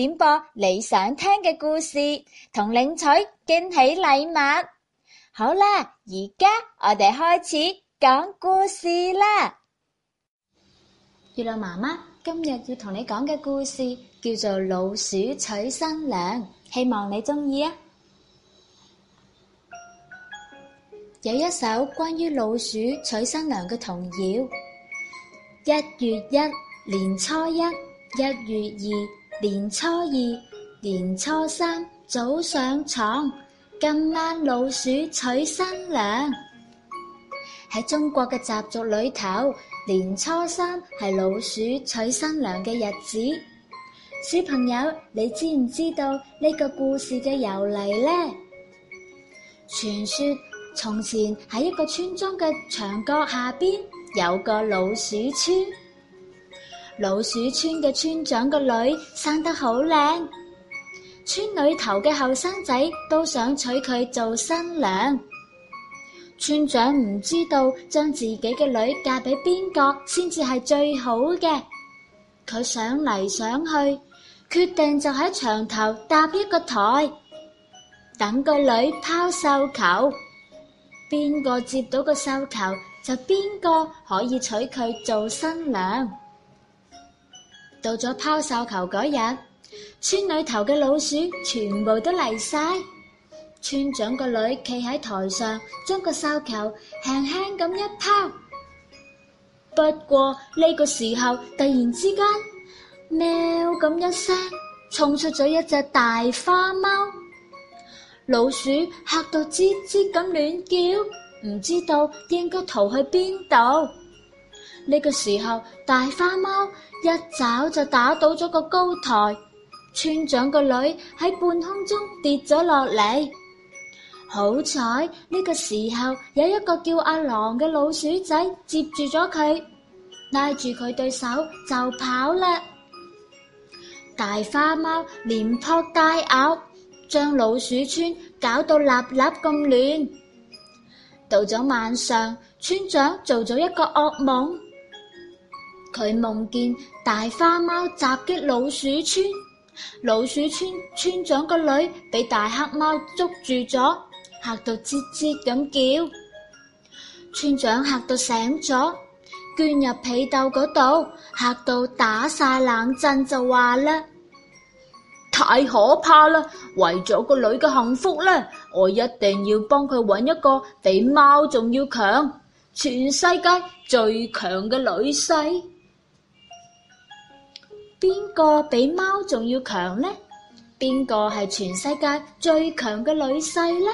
點播你想聽嘅故事，同領取驚喜禮物。好啦，而家我哋開始講故事啦。月亮媽媽，今日要同你講嘅故事叫做《老鼠娶新娘》，希望你中意啊！有一首關於老鼠娶新娘嘅童謠：一月一，年初一，一月二。年初二、年初三早上床，今晚老鼠娶新娘。喺中國嘅習俗裏頭，年初三係老鼠娶新娘嘅日子。小朋友，你知唔知道呢個故事嘅由嚟咧？傳說從前喺一個村莊嘅牆角下邊有個老鼠村。老鼠村嘅村長個女生得好靚，村裏頭嘅後生仔都想娶佢做新娘。村長唔知道將自己嘅女嫁俾邊個先至係最好嘅，佢想嚟想去，決定就喺牆頭搭一個台，等個女拋繡球，邊個接到個繡球就邊個可以娶佢做新娘。到咗拋繡球嗰日，村裏頭嘅老鼠全部都嚟晒。村長個女企喺台上，將個繡球輕輕咁一拋。不過呢個時候，突然之間喵咁一聲，衝出咗一隻大花貓，老鼠嚇到吱吱咁亂叫，唔知道應該逃去邊度。呢個時候，大花貓一爪就打倒咗個高台，村長個女喺半空中跌咗落嚟。好彩呢個時候有一個叫阿郎嘅老鼠仔接住咗佢，拉住佢對手就跑啦。大花貓連撲帶咬，將老鼠村搞到立立咁亂。到咗晚上，村長做咗一個惡夢。佢夢見大花貓襲擊老鼠村，老鼠村村，村長個女俾大黑貓捉住咗，吓到吱吱咁叫。村長吓到醒咗，鑽入被竇嗰度，吓到打晒冷震就，就話啦：太可怕啦！為咗個女嘅幸福咧，我一定要幫佢搵一個比貓仲要強，全世界最強嘅女婿。邊個比貓仲要強呢？邊個係全世界最強嘅女婿呢？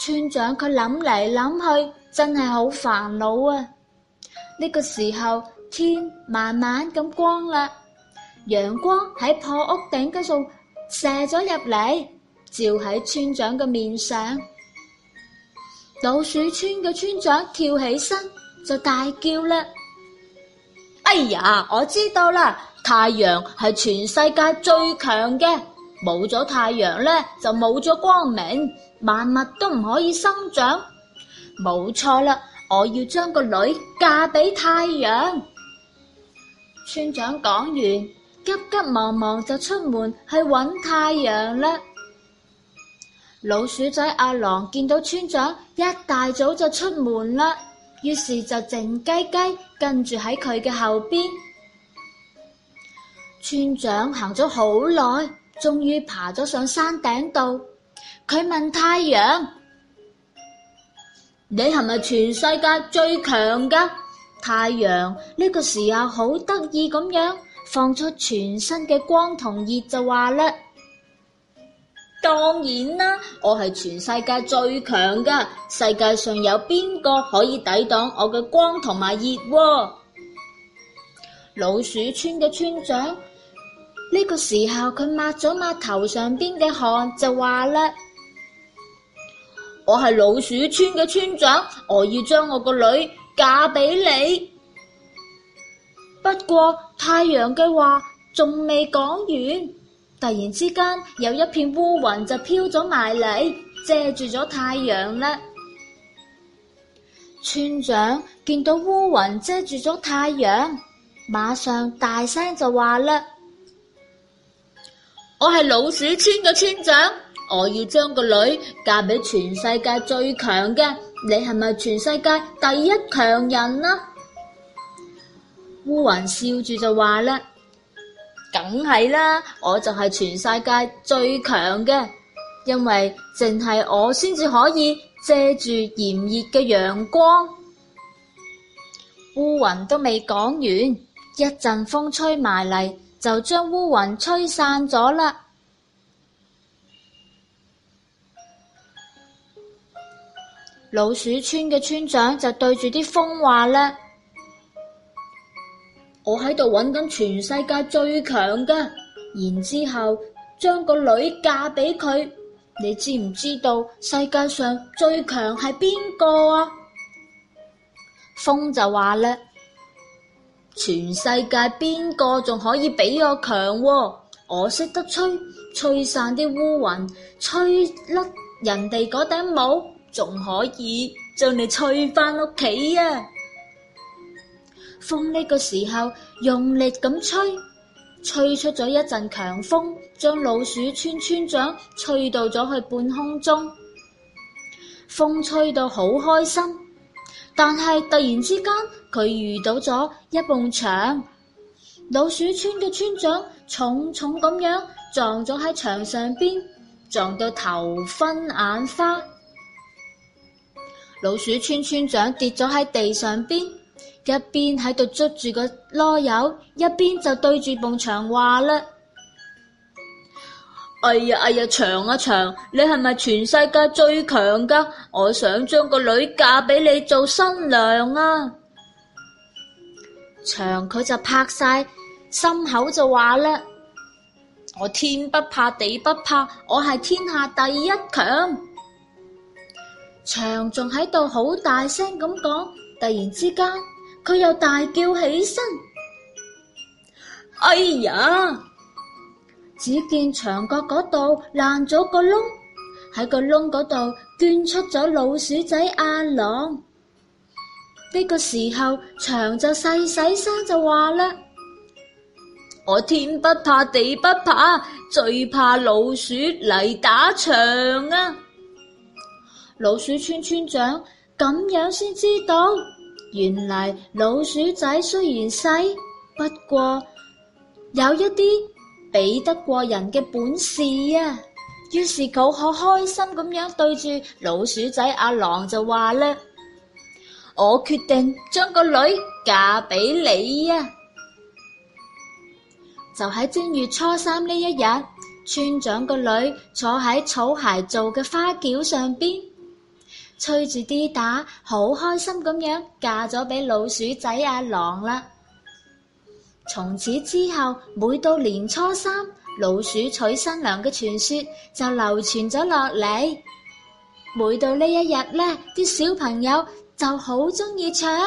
村長佢諗嚟諗去，真係好煩惱啊！呢個時候天慢慢咁光啦，陽光喺破屋頂嗰度射咗入嚟，照喺村長嘅面上。老鼠村嘅村長跳起身就大叫啦：哎呀，我知道啦！太陽係全世界最強嘅，冇咗太陽咧就冇咗光明，萬物都唔可以生長。冇錯啦，我要將個女嫁俾太陽。村長講完，急急忙忙就出門去搵太陽啦。老鼠仔阿郎見到村長一大早就出門啦，於是就靜雞雞跟住喺佢嘅後邊。村長行咗好耐，終於爬咗上山頂度。佢問太陽：你係咪全世界最強噶？太陽呢、這個時候好得意咁樣，放出全身嘅光同熱就話啦：當然啦，我係全世界最強噶，世界上有邊個可以抵擋我嘅光同埋熱？老鼠村嘅村長。呢個時候，佢抹咗抹頭上邊嘅汗，就話啦：我係老鼠村嘅村長，我要將我個女嫁俾你。不過太陽嘅話仲未講完，突然之間有一片烏雲就飄咗埋嚟，遮住咗太陽啦。村長見到烏雲遮住咗太陽，馬上大聲就話啦。我係老鼠村嘅村長，我要將個女嫁俾全世界最強嘅。你係咪全世界第一強人啊？烏雲笑住就話啦，梗係啦，我就係全世界最強嘅，因為淨係我先至可以遮住炎熱嘅陽光。烏雲都未講完，一陣風吹埋嚟。就將烏雲吹散咗啦！老鼠村嘅村長就對住啲風話咧：我喺度揾緊全世界最強嘅，然之後將個女嫁俾佢。你知唔知道世界上最強係邊個啊？風就話咧。全世界邊個仲可以比我強喎？我識得吹，吹散啲烏雲，吹甩人哋嗰頂帽，仲可以將你吹翻屋企啊！風呢個時候用力咁吹，吹出咗一陣強風，將老鼠村村長吹到咗去半空中。風吹到好開心。但係突然之間，佢遇到咗一埲牆，老鼠村嘅村長重重咁樣撞咗喺牆上邊，撞到頭昏眼花。老鼠村村長跌咗喺地上邊，一邊喺度捉住個囉柚，一邊就對住埲牆話啦。.哎呀哎呀，長啊長，你係咪全世界最強噶？我想將個女嫁俾你做新娘啊！長佢就拍晒心口就話啦：我天不怕地不怕，我係天下第一強。長仲喺度好大聲咁講，突然之間佢又大叫起身：哎呀！只見牆角嗰度爛咗個窿，喺個窿嗰度鑽出咗老鼠仔阿郎。呢、這個時候，牆就細細聲就話啦：我天不怕地不怕，最怕老鼠嚟打牆啊！老鼠村村，村長咁樣先知道，原來老鼠仔雖然細，不過有一啲。比得過人嘅本事啊！於是狗好開心咁樣對住老鼠仔阿郎就話咧： 我決定將個女嫁俾你啊！ 就喺正月初三呢一日，村長個女坐喺草鞋做嘅花轎上邊，吹住啲打，好開心咁樣嫁咗俾老鼠仔阿郎啦。從此之後，每到年初三，老鼠娶新娘嘅傳說就流傳咗落嚟。每到呢一日呢啲小朋友就好鍾意唱：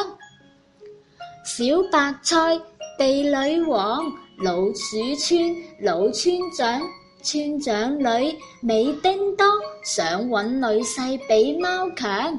小白菜，地女王，老鼠村老村長，村長女美叮當，想搵女婿比貓強。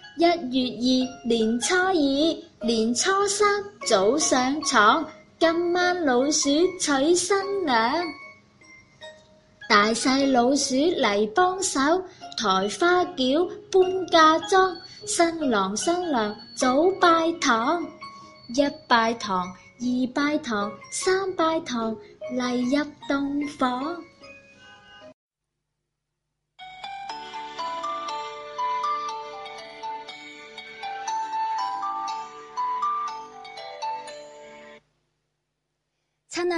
一月二，年初二，年初三早上床，今晚老鼠娶新娘。大細老鼠嚟幫手，抬花轎，搬嫁妝，新郎新娘早拜堂。一拜堂，二拜堂，三拜堂，嚟入洞房。